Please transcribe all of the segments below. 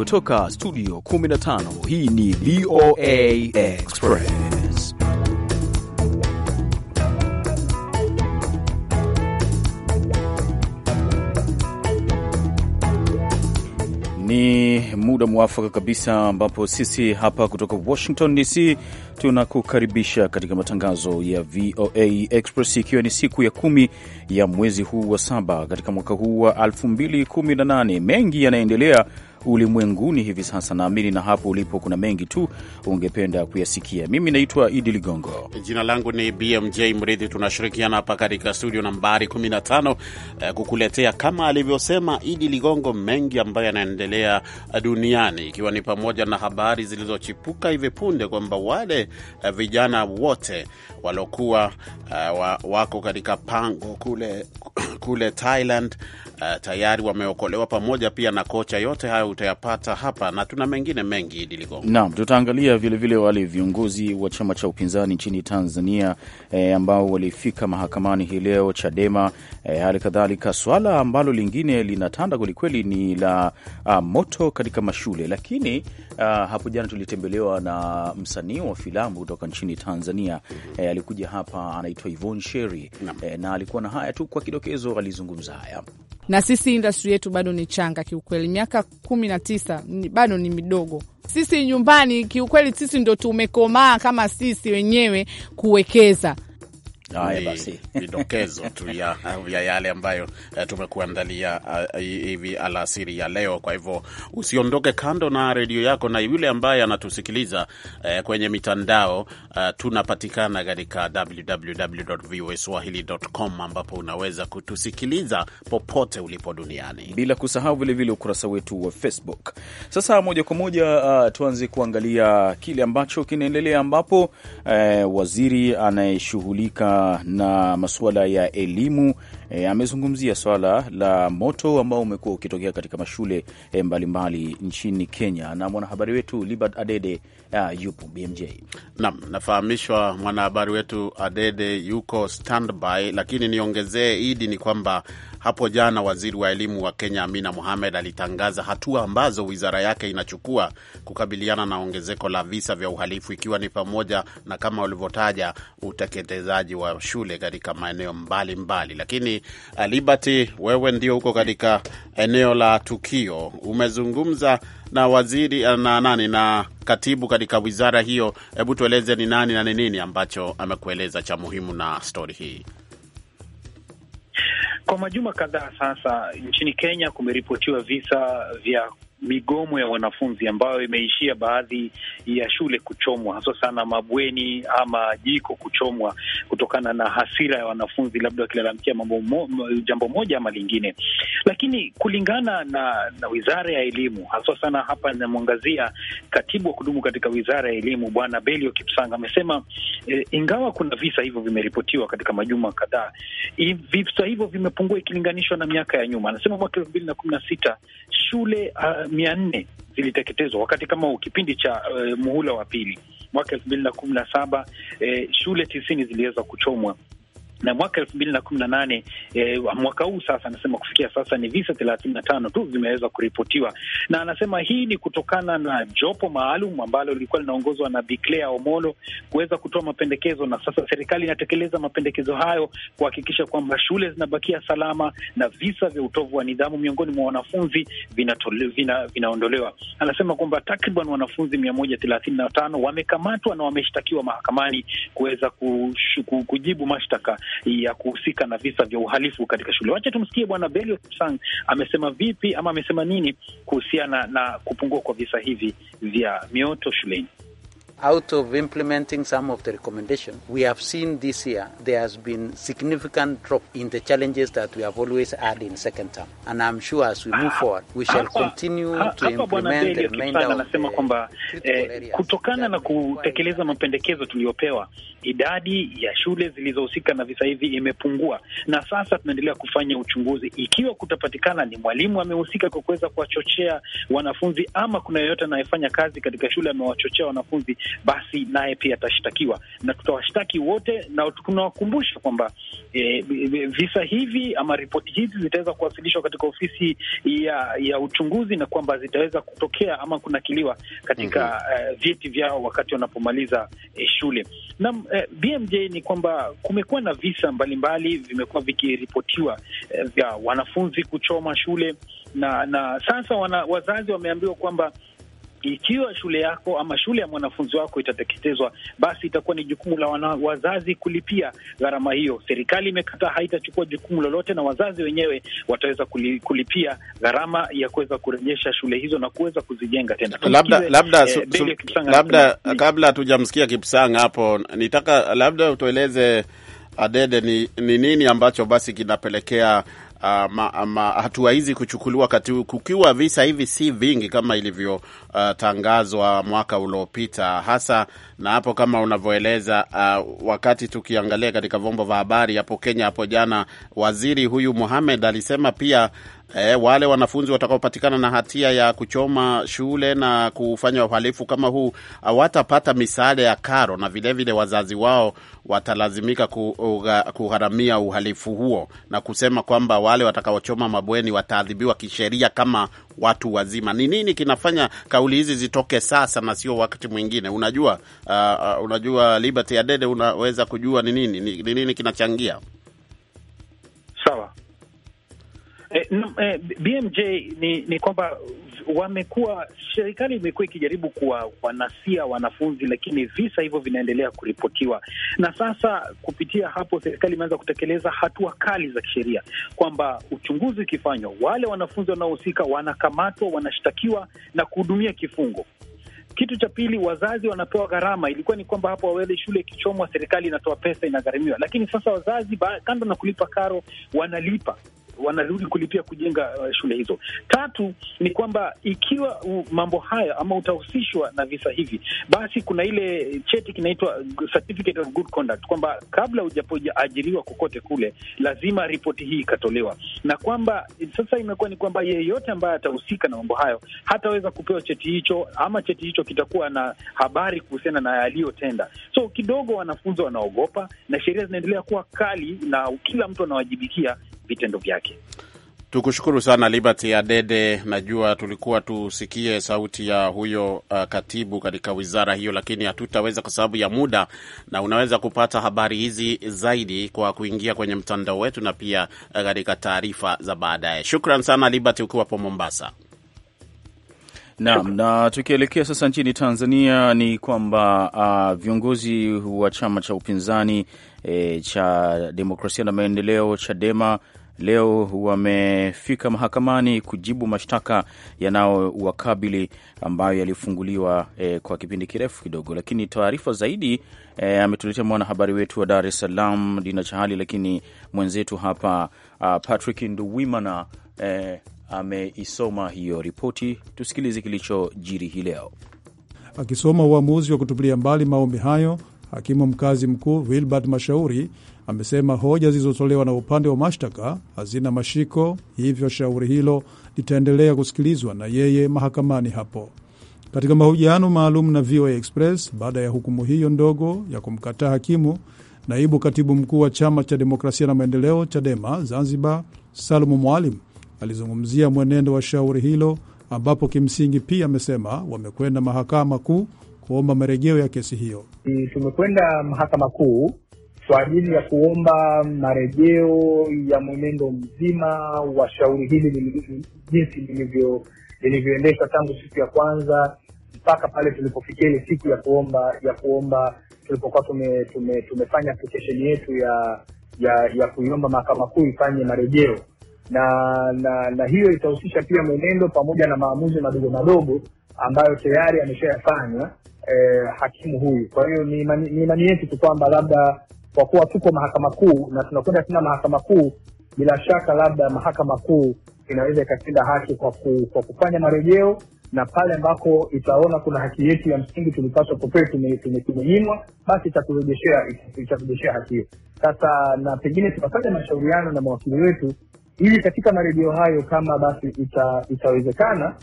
kutoka studio 15 hii ni VOA Express. Ni muda mwafaka kabisa ambapo sisi hapa kutoka Washington DC tunakukaribisha katika matangazo ya VOA Express, ikiwa ni siku ya kumi ya mwezi huu wa saba katika mwaka huu wa 2018. Mengi yanaendelea ulimwenguni hivi sasa. Naamini na hapo ulipo kuna mengi tu ungependa kuyasikia. Mimi naitwa Idi Ligongo, jina langu ni BMJ Mridhi. Tunashirikiana hapa katika studio nambari 15 eh, kukuletea kama alivyosema Idi Ligongo, mengi ambayo yanaendelea duniani, ikiwa ni pamoja na habari zilizochipuka hivi punde kwamba wale eh, vijana wote waliokuwa eh, wako katika pango kule kule Thailand. Uh, tayari wameokolewa pamoja pia na kocha. Yote hayo utayapata hapa na tuna mengine mengi Idi Ligongo. Naam, tutaangalia vilevile wale viongozi wa chama cha upinzani nchini Tanzania eh, ambao walifika mahakamani hii leo Chadema. Eh, hali eh, kadhalika swala ambalo lingine linatanda kwelikweli ni la uh, moto katika mashule, lakini uh, hapo jana tulitembelewa na msanii wa filamu kutoka nchini Tanzania. mm -hmm. Eh, alikuja hapa anaitwa Yvonne Sherry na, eh, na alikuwa na haya tu kwa kidokezo Mawazo walizungumza haya. Na sisi indastri yetu bado ni changa kiukweli, miaka kumi na tisa bado ni midogo. Sisi nyumbani kiukweli, sisi ndo tumekomaa kama sisi wenyewe kuwekeza vidokezo tu ya, ya yale ambayo uh, tumekuandalia uh, hivi alasiri ya leo. Kwa hivyo usiondoke kando na redio yako, na yule ambaye anatusikiliza uh, kwenye mitandao uh, tunapatikana katika www.voaswahili.com ambapo unaweza kutusikiliza popote ulipo duniani, bila kusahau vilevile ukurasa wetu wa Facebook. Sasa moja kwa moja uh, tuanze kuangalia kile ambacho kinaendelea, ambapo uh, waziri anayeshughulika na masuala ya elimu e, amezungumzia swala la moto ambao umekuwa ukitokea katika mashule e, mbalimbali mbali nchini Kenya, na mwanahabari wetu Libert Adede uh, yupo BMJ. Naam, nafahamishwa mwanahabari wetu Adede yuko standby, lakini niongezee Idi ni kwamba hapo jana waziri wa elimu wa Kenya Amina Mohamed alitangaza hatua ambazo wizara yake inachukua kukabiliana na ongezeko la visa vya uhalifu ikiwa ni pamoja na kama ulivyotaja uteketezaji wa shule katika maeneo mbalimbali mbali. Lakini Liberty. Eh, Liberty, wewe ndio huko katika eneo la tukio, umezungumza na waziri eh, na nani na katibu katika wizara hiyo. Hebu tueleze ni nani na ni nini ambacho amekueleza cha muhimu na stori hii? Kwa majuma kadhaa sasa nchini Kenya kumeripotiwa visa vya migomo ya wanafunzi ambayo imeishia baadhi ya shule kuchomwa, haswa sana mabweni ama jiko kuchomwa, kutokana na hasira ya wanafunzi, labda wakilalamikia mambo mo, jambo moja ama lingine. Lakini kulingana na, na wizara ya elimu haswa sana hapa namwangazia katibu wa kudumu katika wizara ya elimu Bwana Belio Kipsanga amesema eh, ingawa kuna visa hivyo vimeripotiwa katika majuma kadhaa, visa hivyo vimepungua ikilinganishwa na miaka ya nyuma. Anasema mwaka elfu mbili na kumi na sita shule uh, mia nne ziliteketezwa wakati kama kipindi cha e, muhula wa pili mwaka elfu mbili na kumi na saba eh, shule tisini ziliweza kuchomwa na mwaka elfu mbili na kumi na nane eh, mwaka huu sasa, anasema kufikia sasa ni visa thelathini na tano tu vimeweza kuripotiwa, na anasema hii ni kutokana na jopo maalum ambalo lilikuwa linaongozwa na Bi Claire Omolo kuweza kutoa mapendekezo, na sasa serikali inatekeleza mapendekezo hayo kuhakikisha kwamba shule zinabakia salama na visa vya utovu wa nidhamu miongoni mwa wanafunzi vinaondolewa vina, vina. Anasema kwamba takriban wanafunzi mia moja thelathini na tano wamekamatwa na wameshtakiwa mahakamani kuweza kujibu mashtaka ya kuhusika na visa vya uhalifu katika shule. Wacha tumsikie Bwana Belios Sang amesema vipi ama amesema nini kuhusiana na kupungua kwa visa hivi vya mioto shuleni out of implementing some of the recommendations we have seen this year there has been significant drop in the challenges that we have always had in second term and I'm sure as we move ah, forward we shall continue ha, to implement the remainder of anasema kwamba eh, kutokana na kutekeleza mapendekezo tuliyopewa idadi ya shule zilizohusika na visa hivi imepungua na sasa tunaendelea kufanya uchunguzi ikiwa kutapatikana ni mwalimu amehusika kwa kuweza kuwachochea wanafunzi ama kuna yeyote anayefanya kazi katika shule amewachochea wanafunzi basi naye pia atashtakiwa, na tutawashtaki wote, na tunawakumbusha kwamba e, e, visa hivi ama ripoti hizi zitaweza kuwasilishwa katika ofisi ya ya uchunguzi na kwamba zitaweza kutokea ama kunakiliwa katika mm -hmm. uh, vyeti vyao wakati wanapomaliza eh, shule na eh, BMJ ni kwamba kumekuwa na visa mbalimbali vimekuwa vikiripotiwa vya e, vya wanafunzi kuchoma shule na na sasa wana, wazazi wameambiwa kwamba ikiwa shule yako ama shule ya mwanafunzi wako itateketezwa, basi itakuwa ni jukumu la wana, wazazi kulipia gharama hiyo. Serikali imekataa, haitachukua jukumu lolote, na wazazi wenyewe wataweza kulipia gharama ya kuweza kurejesha shule hizo na kuweza kuzijenga tena. Labda labda, eh, su, su, labda kabla hatujamsikia Kipsang hapo, nitaka labda utueleze Adede, ni, ni nini ambacho basi kinapelekea uh, ma, ma, hatua hizi kuchukuliwa wakati kukiwa visa hivi si vingi kama ilivyotangazwa ah, uh, mwaka uliopita hasa, na hapo kama unavyoeleza uh, wakati tukiangalia katika vyombo vya habari hapo Kenya hapo jana, waziri huyu Mohamed alisema pia E, wale wanafunzi watakaopatikana na hatia ya kuchoma shule na kufanya uhalifu kama huu hawatapata misaada ya karo, na vilevile vile wazazi wao watalazimika kugharamia uhalifu huo, na kusema kwamba wale watakaochoma mabweni wataadhibiwa kisheria kama watu wazima. Ni nini kinafanya kauli hizi zitoke sasa na sio wakati mwingine? Unajua, uh, uh unajua Liberty Adede, unaweza kujua ni nini, ni nini kinachangia? Sawa. Eh, no, eh, BMJ ni, ni kwamba wamekuwa serikali imekuwa ikijaribu wanasia wanafunzi, lakini visa hivyo vinaendelea kuripotiwa, na sasa kupitia hapo serikali imeanza kutekeleza hatua kali za kisheria kwamba uchunguzi ukifanywa, wale wanafunzi wanaohusika wanakamatwa, wanashtakiwa na kuhudumia kifungo. Kitu cha pili, wazazi wanapewa gharama. Ilikuwa ni kwamba hapo awali shule ikichomwa, serikali inatoa pesa, inagharimiwa, lakini sasa wazazi, kando na kulipa karo, wanalipa wanarudi kulipia kujenga uh, shule hizo. Tatu ni kwamba ikiwa mambo haya ama utahusishwa na visa hivi, basi kuna ile cheti kinaitwa certificate of good conduct, kwamba kabla ujapoajiriwa kokote kule lazima ripoti hii ikatolewa, na kwamba sasa imekuwa ni kwamba yeyote ambaye atahusika na mambo hayo hataweza kupewa cheti hicho, ama cheti hicho kitakuwa na habari kuhusiana na yaliyotenda. So kidogo wanafunzi wanaogopa, na sheria zinaendelea kuwa kali, na kila mtu anawajibikia vitendo vyake. Tukushukuru sana Liberty Adede. Najua tulikuwa tusikie sauti ya huyo uh, katibu katika wizara hiyo, lakini hatutaweza kwa sababu ya muda, na unaweza kupata habari hizi zaidi kwa kuingia kwenye mtandao wetu na pia uh, katika taarifa za baadaye. Shukran sana Liberty ukiwa hapo Mombasa. Naam, na tukielekea sasa nchini Tanzania ni kwamba uh, viongozi wa chama cha upinzani e, cha demokrasia na maendeleo Chadema leo wamefika mahakamani kujibu mashtaka yanayowakabili ambayo yalifunguliwa e, kwa kipindi kirefu kidogo. Lakini taarifa zaidi e, ametuletea mwanahabari wetu wa Dar es Salaam Dina Chahali, lakini mwenzetu hapa uh, Patrick Nduwimana e, ameisoma hiyo ripoti. Tusikilize kilichojiri hii leo. Akisoma uamuzi wa kutupilia mbali maombi hayo, hakimu mkazi mkuu Wilbert Mashauri amesema hoja zilizotolewa na upande wa mashtaka hazina mashiko, hivyo shauri hilo litaendelea kusikilizwa na yeye mahakamani hapo. Katika mahojiano maalum na VOA Express baada ya hukumu hiyo ndogo ya kumkataa hakimu, naibu katibu mkuu wa chama cha demokrasia na maendeleo CHADEMA Zanzibar, Salumu Mwalim alizungumzia mwenendo wa shauri hilo, ambapo kimsingi pia amesema wamekwenda mahakama kuu kuomba marejeo ya kesi hiyo. Tumekwenda mahakama kuu kwa ajili ya kuomba marejeo ya mwenendo mzima wa shauri hili jinsi lilivyoendeshwa tangu siku ya kwanza mpaka pale tulipofikia ile siku ya kuomba ya kuomba tulipokuwa tume, tume, tumefanya application yetu ya ya ya kuiomba mahakama kuu ifanye marejeo na na na hiyo itahusisha pia mwenendo pamoja na maamuzi madogo madogo ambayo tayari ameshayafanya eh, hakimu huyu. Kwa hiyo ni imani yetu tu kwamba labda kwa kuwa tuko mahakama kuu na tunakwenda tena mahakama kuu, bila shaka labda mahakama kuu inaweza ikatenda haki kwa, ku, kwa kufanya marejeo na pale ambako itaona kuna haki yetu ya msingi tulipaswa kupewa tumenyimwa, basi itakurejeshea itakurejeshea haki hiyo. Sasa na pengine tunafanya mashauriano na mawakili wetu ili katika marejeo hayo kama basi ita, itawezekana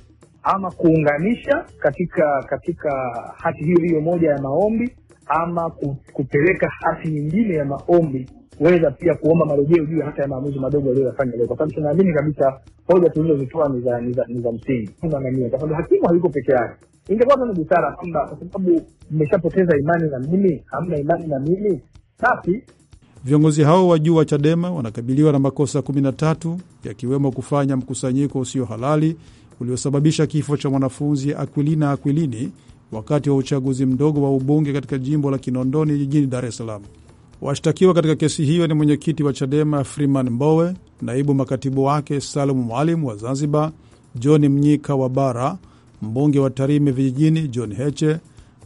ama kuunganisha katika katika hati hiyo hiyo moja ya maombi ama kupeleka hati nyingine ya maombi weza pia kuomba marejeo juu hata ya maamuzi madogo aliyoyafanya leo, kwa sababu tunaamini kabisa hoja tulizozitoa ni za ni za msingi, tunaamini kwa sababu hakimu hayuko peke yake. Ingekuwa ni busara kwamba kwa sababu mmeshapoteza imani na mimi, hamna imani na mimi, basi Viongozi hao wa juu wa Chadema wanakabiliwa na makosa 13 yakiwemo kufanya mkusanyiko usio halali uliosababisha kifo cha mwanafunzi Aquilina Aquilini wakati wa uchaguzi mdogo wa ubunge katika jimbo la Kinondoni jijini Dar es Salaam. Washtakiwa katika kesi hiyo ni mwenyekiti wa Chadema Freeman Mbowe, naibu makatibu wake Salumu Mwalim wa Zanzibar, John Mnyika wa Bara, mbunge wa Tarime vijijini John Heche,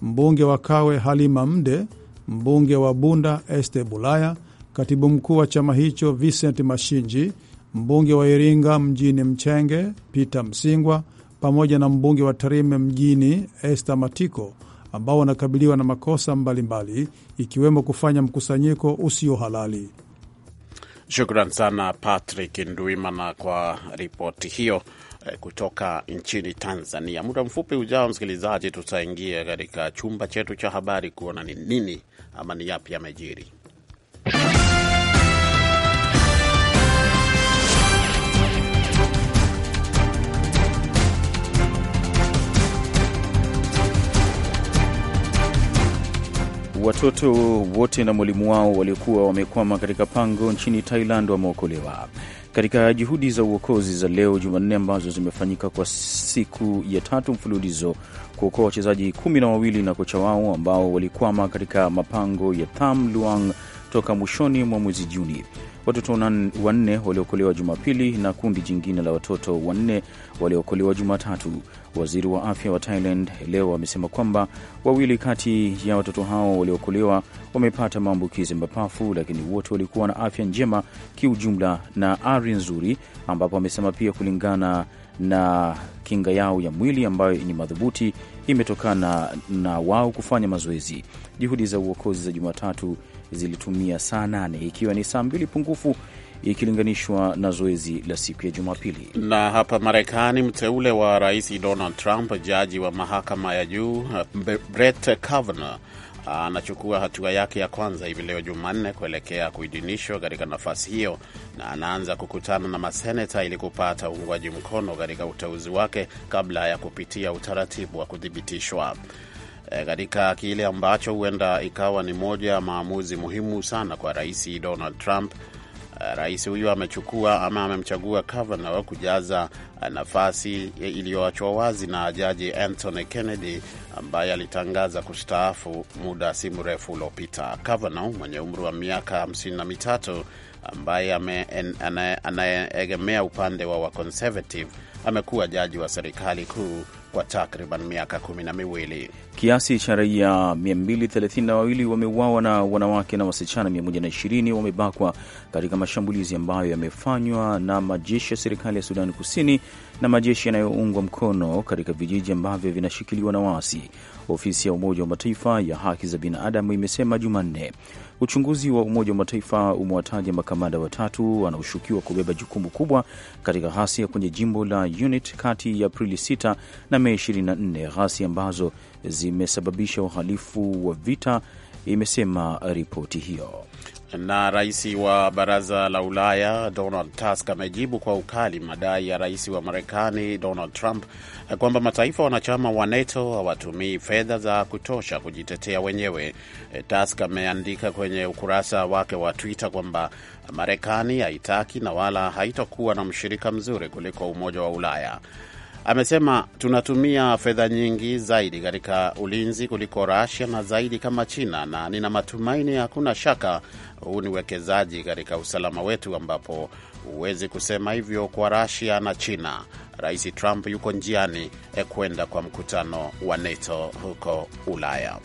mbunge wa Kawe Halima Mde, mbunge wa Bunda Este Bulaya, katibu mkuu wa chama hicho Vincent Mashinji, mbunge wa Iringa mjini Mchenge Peter Msingwa pamoja na mbunge wa Tarime mjini Esther Matiko ambao wanakabiliwa na makosa mbalimbali mbali, ikiwemo kufanya mkusanyiko usio halali. Shukran sana Patrick Nduimana kwa ripoti hiyo eh, kutoka nchini Tanzania. Muda mfupi ujao, msikilizaji, tutaingia katika chumba chetu cha habari kuona ni nini ama ni yapi yamejiri. Watoto wote na mwalimu wao waliokuwa wamekwama katika pango nchini Thailand wameokolewa katika juhudi za uokozi za leo Jumanne ambazo zimefanyika kwa siku ya tatu mfululizo kuokoa wachezaji kumi na wawili na kocha wao ambao walikwama katika mapango ya Tham Luang toka mwishoni mwa mwezi Juni. Watoto wanne waliokolewa Jumapili na kundi jingine la watoto wanne waliokolewa Jumatatu. Waziri wa afya wa Thailand leo amesema kwamba wawili kati ya watoto hao waliokolewa wamepata maambukizi mapafu, lakini wote walikuwa na afya njema kiujumla na ari nzuri, ambapo amesema pia kulingana na kinga yao ya mwili ambayo ni madhubuti imetokana na wao kufanya mazoezi. Juhudi za uokozi za Jumatatu zilitumia saa nane ikiwa ni saa mbili pungufu ikilinganishwa na zoezi la siku ya Jumapili. Na hapa Marekani, mteule wa rais Donald Trump, jaji wa mahakama ya juu Brett Kavanaugh anachukua hatua yake ya kwanza hivi leo Jumanne kuelekea kuidhinishwa katika nafasi hiyo, na anaanza kukutana na maseneta ili kupata uungwaji mkono katika uteuzi wake kabla ya kupitia utaratibu wa kuthibitishwa e, katika kile ambacho huenda ikawa ni moja ya maamuzi muhimu sana kwa rais Donald Trump Eh, rais huyo amechukua ama amemchagua Kavanaugh kujaza eh, nafasi eh, iliyoachwa wazi na jaji Anthony Kennedy ambaye alitangaza kustaafu muda si mrefu uliopita. Kavanaugh mwenye umri wa miaka hamsini na mitatu ambaye anayeegemea upande wa wakonservative amekuwa jaji wa serikali kuu kwa takriban miaka kumi na miwili. Kiasi cha raia 232 wameuawa na wanawake na wasichana 120 wamebakwa katika mashambulizi ambayo yamefanywa na majeshi ya serikali ya Sudani Kusini na majeshi yanayoungwa mkono katika vijiji ambavyo vinashikiliwa na waasi. Ofisi ya Umoja wa Mataifa ya haki za binadamu imesema Jumanne. Uchunguzi wa Umoja wa Mataifa umewataja makamanda watatu wanaoshukiwa kubeba jukumu kubwa katika ghasia kwenye jimbo la Unity kati ya Aprili 6 na Mei 24, ghasia ambazo zimesababisha uhalifu wa vita, imesema ripoti hiyo. Na rais wa baraza la Ulaya Donald Tusk amejibu kwa ukali madai ya rais wa Marekani Donald Trump kwamba mataifa wanachama wa NATO hawatumii fedha za kutosha kujitetea wenyewe. Tusk ameandika kwenye ukurasa wake wa Twitter kwamba Marekani haitaki na wala haitakuwa na mshirika mzuri kuliko Umoja wa Ulaya. Amesema tunatumia fedha nyingi zaidi katika ulinzi kuliko rasia na zaidi kama China, na nina matumaini, hakuna shaka huu ni uwekezaji katika usalama wetu, ambapo huwezi kusema hivyo kwa rasia na China. Rais Trump yuko njiani eh, kwenda kwa mkutano wa NATO huko Ulaya.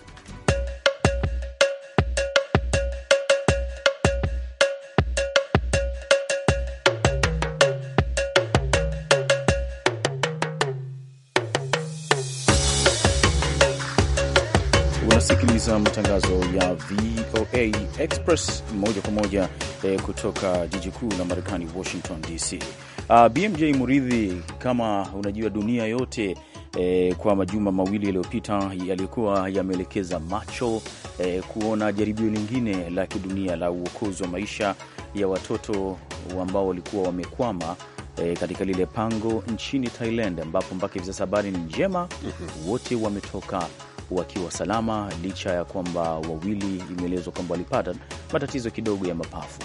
kusikiliza matangazo ya VOA Express moja kwa moja eh, kutoka jiji kuu la Marekani, Washington DC. Uh, ah, BMJ Muridhi, kama unajua dunia yote eh, kwa majuma mawili yaliyopita yalikuwa yameelekeza macho eh, kuona jaribio lingine la kidunia la uokozi wa maisha ya watoto ambao walikuwa wamekwama E, katika lile pango nchini Thailand ambapo mpaka hivi sasa habari ni njema, mm -hmm. Wote wametoka wakiwa salama, licha ya kwamba wawili imeelezwa kwamba walipata matatizo kidogo ya mapafu.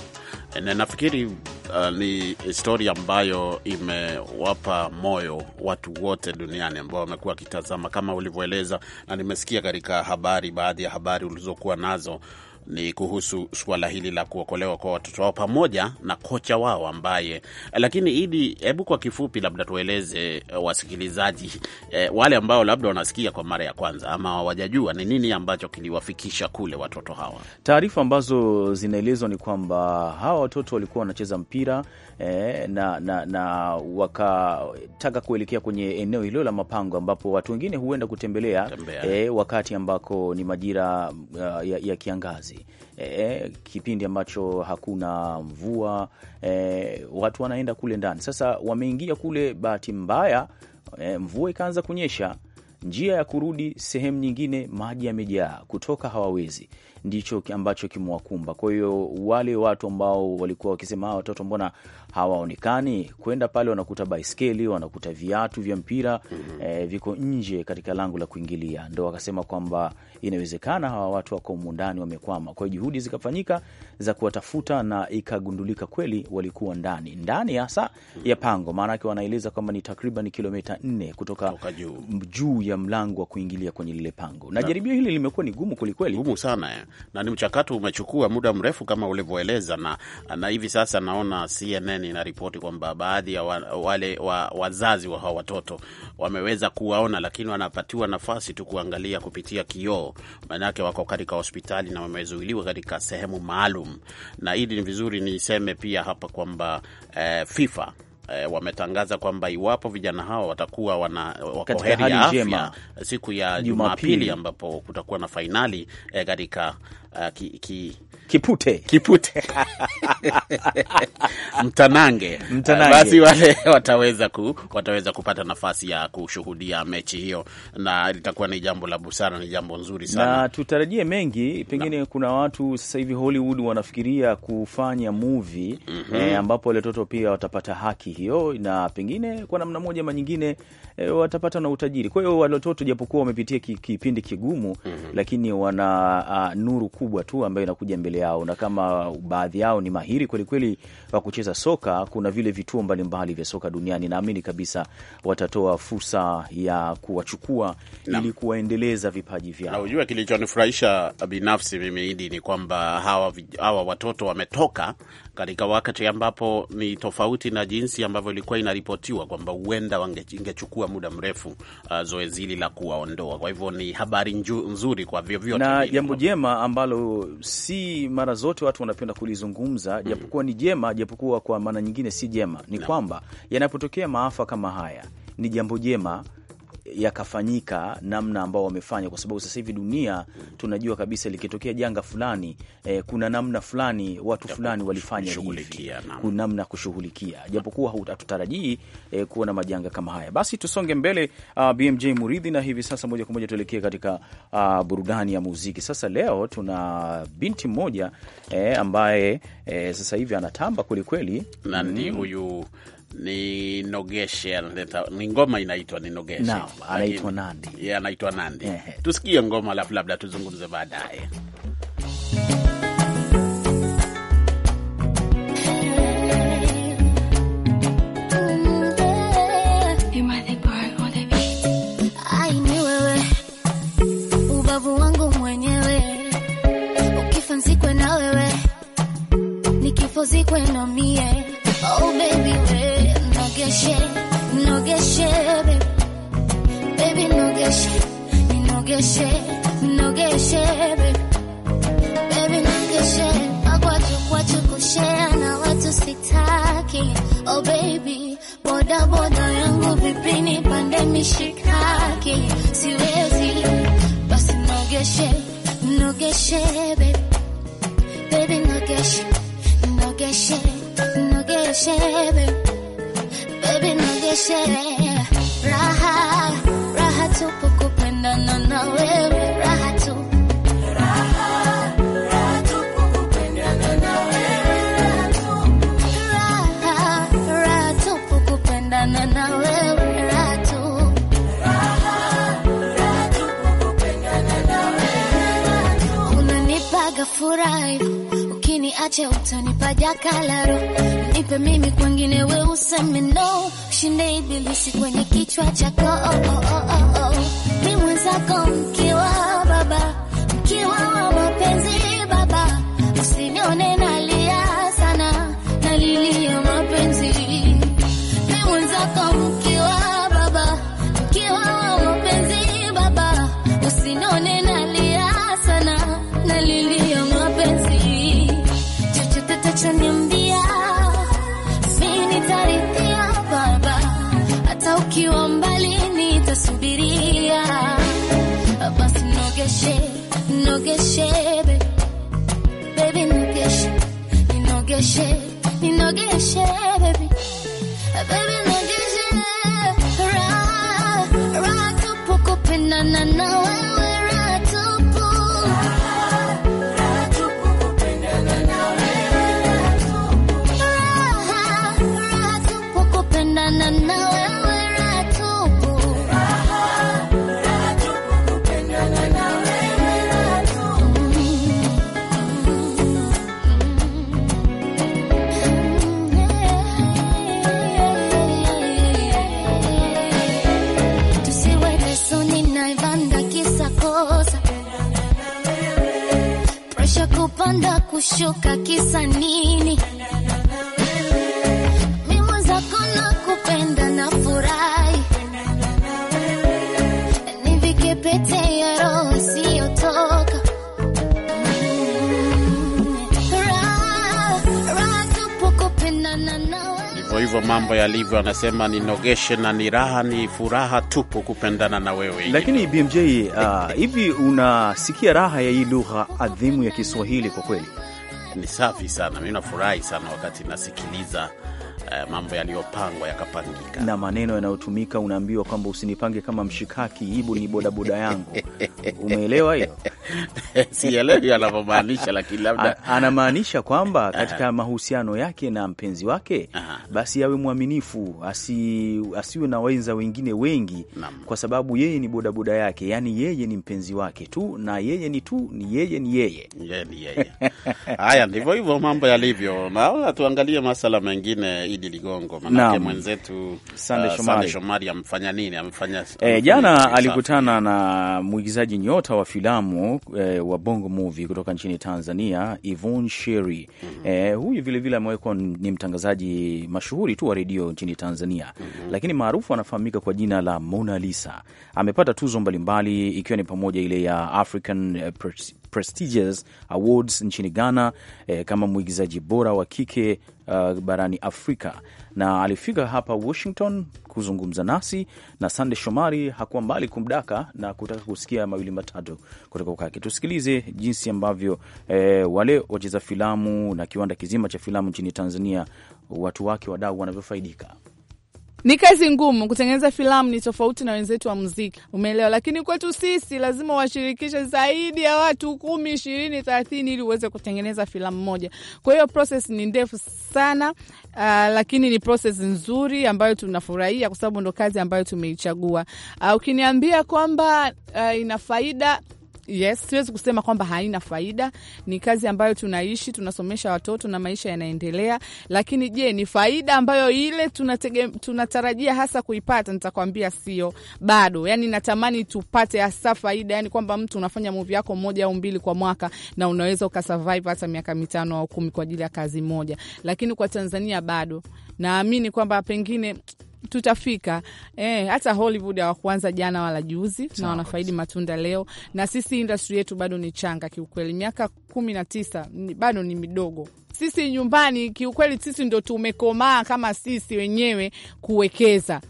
Na nafikiri uh, ni histori ambayo imewapa moyo watu wote duniani ambao wamekuwa wakitazama, kama ulivyoeleza, na nimesikia katika habari, baadhi ya habari ulizokuwa nazo ni kuhusu suala hili la kuokolewa kwa watoto wao pamoja na kocha wao ambaye. Lakini Idi, hebu kwa kifupi, labda tueleze eh, wasikilizaji e, wale ambao labda wanasikia kwa mara ya kwanza ama hawajajua ni nini ambacho kiliwafikisha kule watoto hawa. Taarifa ambazo zinaelezwa ni kwamba hawa watoto walikuwa wanacheza mpira e, na, na, na wakataka kuelekea kwenye eneo hilo la mapango ambapo watu wengine huenda kutembelea e, wakati ambako ni majira uh, ya, ya kiangazi kazi e, kipindi ambacho hakuna mvua e, watu wanaenda kule ndani. Sasa wameingia kule, bahati mbaya e, mvua ikaanza kunyesha njia ya kurudi sehemu nyingine maji yamejaa, kutoka hawawezi. Ndicho ambacho kimewakumba. Kwa hiyo wale watu ambao walikuwa wakisema ah, watoto, mbona hawaonekani. Kwenda pale wanakuta baiskeli, wanakuta viatu vya mpira mm -hmm. E, viko nje katika lango la kuingilia, ndo wakasema kwamba inawezekana hawa watu wako mundani wamekwama. Kwa hiyo juhudi zikafanyika za kuwatafuta na ikagundulika kweli walikuwa ndani ndani hasa mm -hmm. ya pango, maanake wanaeleza kwamba ni takriban kilomita nne kutoka juu ya mlango wa kuingilia kwenye lile pango, na, na jaribio hili limekuwa ni gumu kwelikweli, gumu sana ya. Eh. na ni mchakato umechukua muda mrefu kama ulivyoeleza, na, na hivi sasa naona CNN CNN inaripoti kwamba baadhi ya wa, wale wa, wazazi wa hawa watoto wameweza kuwaona, lakini wanapatiwa nafasi tu kuangalia kupitia kioo, maanake wako katika hospitali na wamezuiliwa katika sehemu maalum. Na hili ni vizuri niseme pia hapa kwamba eh, FIFA e, wametangaza kwamba iwapo vijana hawa watakuwa wana eh, wako heri ya afya siku ya Jumapili ambapo kutakuwa na fainali e, eh, katika Uh, ki, ki, kipute kipute mtanange, mtanange. basi wale wataweza, ku, wataweza kupata nafasi ya kushuhudia mechi hiyo, na litakuwa ni jambo la busara, ni jambo nzuri sana, na tutarajie mengi pengine na. Kuna watu sasa hivi Hollywood wanafikiria kufanya movie mm -hmm. eh, ambapo wale watoto pia watapata haki mafanikio na pengine kwa namna moja ama nyingine e, watapata na utajiri. Kwa hiyo watoto japokuwa wamepitia kipindi kigumu mm -hmm. lakini wana a, nuru kubwa tu ambayo inakuja mbele yao, na kama baadhi yao ni mahiri kwelikweli wa kucheza soka, kuna vile vituo mbalimbali vya soka duniani, naamini kabisa watatoa fursa ya kuwachukua ili kuwaendeleza vipaji vyao. kilichonifurahisha binafsi mimi hidi ni kwamba hawa, hawa watoto wametoka katika wakati ambapo ni tofauti na jinsi ambavyo ilikuwa inaripotiwa kwamba huenda ingechukua muda mrefu uh, zoezi hili la kuwaondoa. Kwa hivyo ni habari nzuri kwa vyovyote, na jambo jema ambalo si mara zote watu wanapenda kulizungumza mm -hmm. Japokuwa ni jema, japokuwa kwa maana nyingine si jema, ni kwamba yanapotokea maafa kama haya ni jambo jema yakafanyika namna ambao wamefanya, kwa sababu sasa hivi dunia tunajua kabisa likitokea janga fulani eh, kuna namna fulani watu fulani walifanya hivi, kuna namna kushughulikia, japokuwa hatutarajii eh, kuona majanga kama haya. Basi tusonge mbele, uh, ah, BMJ Muridhi, na hivi sasa moja kwa moja tuelekee katika uh, burudani ya muziki. Sasa leo tuna binti mmoja eh, ambaye eh, sasa hivi anatamba kwelikweli nani mm. huyu mm ni Nogeshe analeta ni ngoma inaitwa ni Nogeshe. no, anaitwa Nandi. yeah, anaitwa Nandi. Tusikie ngoma alafu labda tuzungumze baadaye. Zikwe na mie. Oh baby get shit, no get shit, baby. Baby, no get shit, no get shit, you no get shit, baby. Baby, no get shit. Wakwaju kwachu kushare na watu sitaki, oh baby. Boda boda yangu vipini pande mishikaki, siwezi. Basi no get shit, no get shit, baby. Baby, no get shit, no get shit, no get shit, baby. niwezeshe raha raha tupu kupendana na wewe raha tu Unanipaga furaha niache, utanipa jakalaro, nipe mimi kwengine, we useme no, shinde ibilisi kwenye kichwa chako. Oh, oh, oh, oh, oh. Mi mwenzako mkiwa na na na kupanda kushuka, kisa nini? ndivyo mambo yalivyo, anasema ninogeshe na ni raha, ni furaha tupu kupendana na wewe. Lakini BMJ, uh, hivi unasikia raha ya hii lugha adhimu ya Kiswahili? Kwa kweli ni safi sana, mi nafurahi sana wakati nasikiliza Eh, mambo yaliyopangwa yakapangika, na maneno yanayotumika unaambiwa kwamba usinipange kama mshikaki, hibu ni bodaboda yangu. Umeelewa hiyo? Sielewi anavyomaanisha, lakini labda anamaanisha kwamba eh. katika mahusiano yake na mpenzi wake Aha. basi awe mwaminifu, asi, asiwe na wenza wengine wengi Nam. kwa sababu yeye ni bodaboda yake, yani yeye ni mpenzi wake tu na yeye ni tu ni yeye ni yeye ye, ni yeye. Haya ndivyo hivyo mambo yalivyo. Naona tuangalie masala mengine Idi Ligongo, manake mwenzetu uh, Sande Shomari amfanya nini? Amfanya e, jana alikutana safi na mwigizaji nyota wa filamu e, wa Bongo Movie kutoka nchini Tanzania Yvonne Sherry. mm -hmm. E, huyu vilevile amewekwa ni mtangazaji mashuhuri tu wa redio nchini Tanzania mm -hmm. lakini maarufu anafahamika kwa jina la Mona Lisa. Amepata tuzo mbalimbali ikiwa ni pamoja ile ya African prestigious awards nchini Ghana eh, kama mwigizaji bora wa kike uh, barani Afrika, na alifika hapa Washington kuzungumza nasi, na Sande Shomari hakuwa mbali kumdaka na kutaka kusikia mawili matatu kutoka kwake. Tusikilize jinsi ambavyo eh, wale wacheza filamu na kiwanda kizima cha filamu nchini Tanzania, watu wake, wadau wanavyofaidika ni kazi ngumu. Kutengeneza filamu ni tofauti na wenzetu wa muziki, umeelewa? Lakini kwetu sisi lazima washirikishe zaidi ya watu kumi, ishirini, thelathini ili uweze kutengeneza filamu moja. Kwa hiyo proses ni ndefu sana. Uh, lakini ni proses nzuri ambayo tunafurahia kwa sababu ndo kazi ambayo tumeichagua. Uh, ukiniambia kwamba uh, ina faida yes, siwezi kusema kwamba haina faida. Ni kazi ambayo tunaishi, tunasomesha watoto na maisha yanaendelea, lakini je, ni faida ambayo ile tunatege, tunatarajia hasa kuipata? Nitakwambia sio bado. Yani natamani tupate hasa faida, yani kwamba mtu unafanya muvi yako moja au mbili kwa mwaka na unaweza ukasurvive hata miaka mitano au kumi kwa ajili ya kazi moja, lakini kwa Tanzania bado naamini kwamba pengine tutafika eh, hata Hollywood hawakuanza jana wala juzi na wanafaidi matunda leo, na sisi industry yetu bado ni changa kiukweli, miaka kumi na tisa bado ni midogo sisi nyumbani. Kiukweli sisi ndo tumekomaa kama sisi wenyewe kuwekeza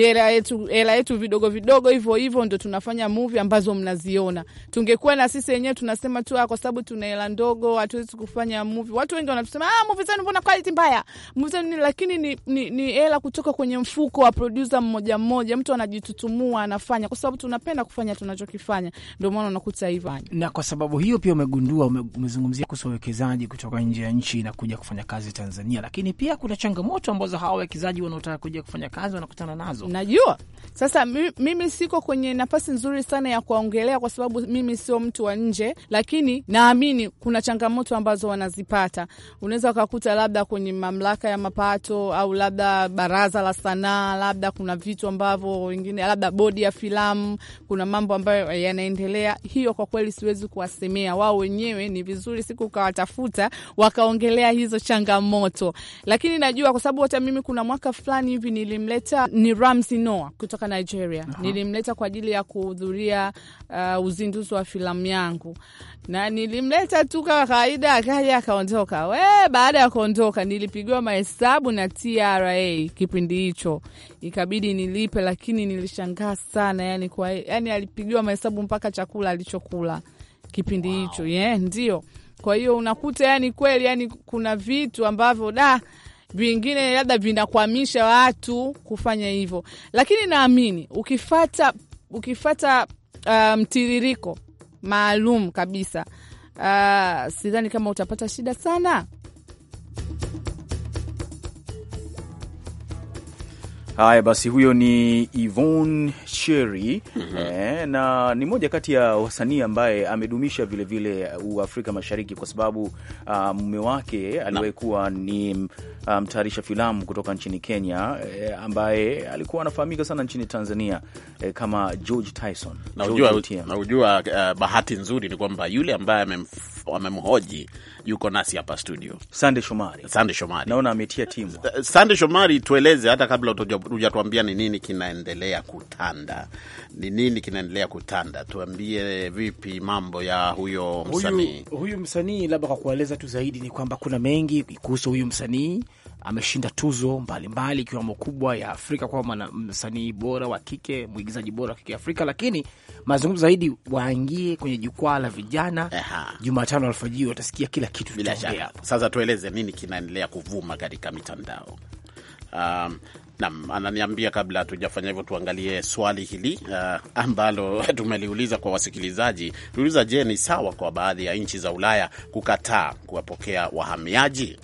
hela yetu, hela yetu vidogo vidogo hivyo hivyo ndo tunafanya movie ambazo mnaziona. Tungekuwa na sisi wenyewe tunasema tu ah, kwa sababu tuna hela ndogo hatuwezi kufanya movie. Watu wengi wanatusema ah, movie zenu mbona quality mbaya, movie zenu, ni lakini ni hela kutoka kwenye mfuko wa producer mmoja mmoja, mtu anajitutumua anafanya kwa sababu tunapenda kufanya tunachokifanya, ndio maana unakuta hivyo. Na kwa sababu hiyo pia umegundua, umezungumzia kuhusu wawekezaji kutoka nje ya nchi na kuja kufanya kazi Tanzania, lakini pia kuna changamoto ambazo hawa wawekezaji wanaotaka kuja kufanya kazi wanakutana nazo hizo? Najua sasa mimi siko kwenye nafasi nzuri sana ya kuwaongelea kwa sababu mimi sio mtu wa nje, lakini naamini kuna changamoto ambazo wanazipata. Unaweza ukakuta labda kwenye mamlaka ya mapato au labda baraza la sanaa, labda kuna vitu ambavyo wengine, labda bodi ya filamu, kuna mambo ambayo yanaendelea. Hiyo kwa kweli siwezi kuwasemea wao wenyewe, ni vizuri siku ukawatafuta wakaongelea hizo changamoto, lakini najua kwa sababu hata mimi kuna mwaka fulani hivi nilimleta ni Ramsi Noah kutoka Nigeria. Aha. Nilimleta kwa ajili ya kuhudhuria uh, uzinduzi wa filamu yangu, na nilimleta tu kama kawaida, akaja akaondoka. We, baada ya kuondoka, nilipigiwa mahesabu na TRA kipindi hicho, ikabidi nilipe, lakini nilishangaa sana yani, kwa, yani alipigiwa mahesabu mpaka chakula alichokula kipindi hicho wow. Yeah, ndio kwa hiyo unakuta yani kweli yani kuna vitu ambavyo da vingine labda vinakwamisha watu kufanya hivyo, lakini naamini ukifata ukifata uh, mtiririko um, maalum kabisa uh, sidhani kama utapata shida sana Haya basi, huyo ni Yvonne Cherry mm -hmm. Eh, na ni moja kati ya wasanii ambaye amedumisha vilevile uh, Afrika Mashariki kwa sababu uh, mume wake aliwahi kuwa ni uh, mtayarisha um, filamu kutoka nchini Kenya eh, ambaye alikuwa anafahamika sana nchini Tanzania eh, kama George Tyson. Na ujua, na ujua uh, bahati nzuri ni kwamba yule ambaye amemhoji yuko nasi hapa studio. Sande Shomari, Sande Shomari, naona ametia timu. Sande Shomari, tueleze hata kabla hujatuambia ni nini kinaendelea kutanda, ni nini kinaendelea kutanda, tuambie vipi mambo ya huyo msanii huyu, huyu msanii labda kwa kueleza tu zaidi ni kwamba kuna mengi kuhusu huyu msanii ameshinda tuzo mbalimbali ikiwemo kubwa ya Afrika kwa msanii bora wa kike, mwigizaji bora wa kike Afrika. Lakini mazungumzo zaidi, waingie kwenye jukwaa la vijana Jumatano alfajiri, watasikia kila kitu. Bila shaka, sasa tueleze nini kinaendelea kuvuma katika mitandao. Um, nam ananiambia kabla hatujafanya hivyo, tuangalie swali hili uh, ambalo tumeliuliza kwa wasikilizaji. Tuliuliza, je, ni sawa kwa baadhi ya nchi za Ulaya kukataa kuwapokea wahamiaji?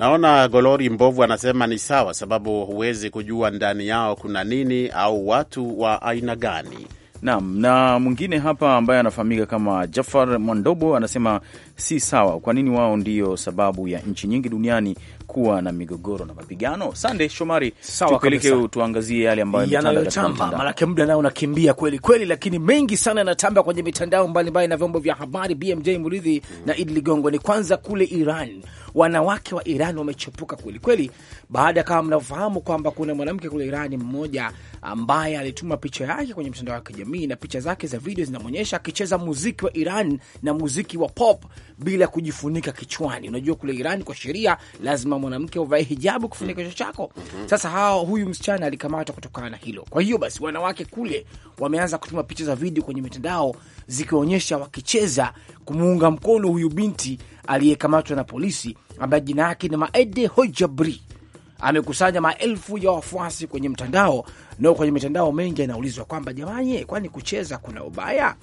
Naona Golori Mbovu anasema ni sawa, sababu huwezi kujua ndani yao kuna nini au watu wa aina gani. Naam, na mwingine hapa ambaye anafahamika kama Jafar Mwandobo anasema si sawa. Kwa nini wao ndio sababu ya nchi nyingi duniani kuwa na migogoro na mapigano? Sande Shomari, tupeleke tuangazie yale ambayo yanayotamba, maanake muda nayo unakimbia kweli kweli, lakini mengi sana yanatamba kwenye mitandao mbalimbali na vyombo vya habari. BMJ Muridhi na Idi Ligongo, ni kwanza kule Iran, wanawake wa Iran wamechepuka kweli kweli, baada kama mnavyofahamu kwamba kuna mwanamke kule Irani mmoja ambaye alituma picha yake kwenye mtandao wa kijamii kijamii na picha zake za video zinamwonyesha akicheza muziki wa Iran na muziki wa pop bila kujifunika kichwani. Unajua kule Iran kwa sheria lazima mwanamke uvae hijabu kufunika kichwa chako. Sasa hao, huyu msichana alikamatwa kutokana na hilo. Kwa hiyo basi, wanawake kule wameanza kutuma picha za video kwenye mitandao zikionyesha wakicheza kumuunga mkono huyu binti aliyekamatwa na polisi ambaye jina yake ni Maede Hojabri amekusanya maelfu ya wafuasi kwenye mtandao, nao, kwenye mitandao mengi anaulizwa kwamba jamani, kwani kucheza kuna ubaya?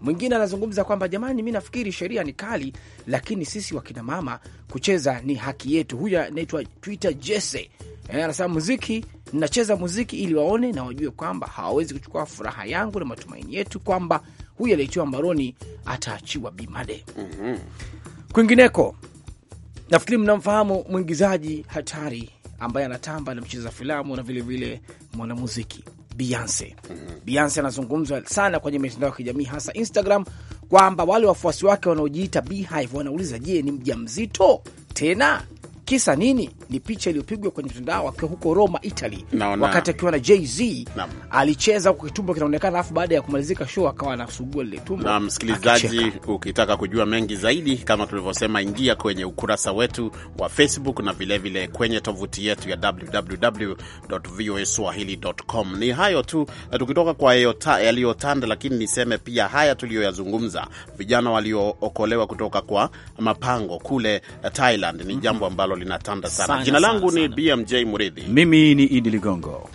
Mwingine anazungumza kwamba jamani, mi nafikiri sheria ni kali, lakini sisi wakinamama kucheza ni haki yetu. Huyu anaitwa Twitter Jesse eh, anasema muziki, nacheza muziki ili waone na wajue kwamba hawawezi kuchukua furaha yangu na matumaini yetu kwamba huyu aliyetiwa mbaroni ataachiwa bimade. mm -hmm. Kwingineko, nafikiri mnamfahamu mwingizaji hatari ambaye anatamba na mcheza filamu na vilevile mwanamuziki Beyonce. Beyonce anazungumzwa sana kwenye mitandao ya kijamii hasa Instagram kwamba wale wafuasi wake wanaojiita Beehive wanauliza, je, ni mjamzito tena? Kisa nini? Ni picha iliyopigwa kwenye mtandao akiwa huko Roma, Italy, wakati akiwa na JZ alicheza huko, kitumbo kinaonekana, alafu baada ya kumalizika show akawa anasugua lile tumbo. Na msikilizaji, ukitaka kujua mengi zaidi, kama tulivyosema, ingia kwenye ukurasa wetu wa Facebook na vilevile vile kwenye tovuti yetu ya www.voaswahili.com. Ni hayo tu eh, tukitoka kwa yaliyotanda, lakini niseme pia haya tuliyoyazungumza, vijana waliookolewa kutoka kwa mapango kule eh, Thailand ni mhm. jambo ambalo linatanda sana. Jina langu ni BMJ Muridhi, mimi ni Idi Ligongo.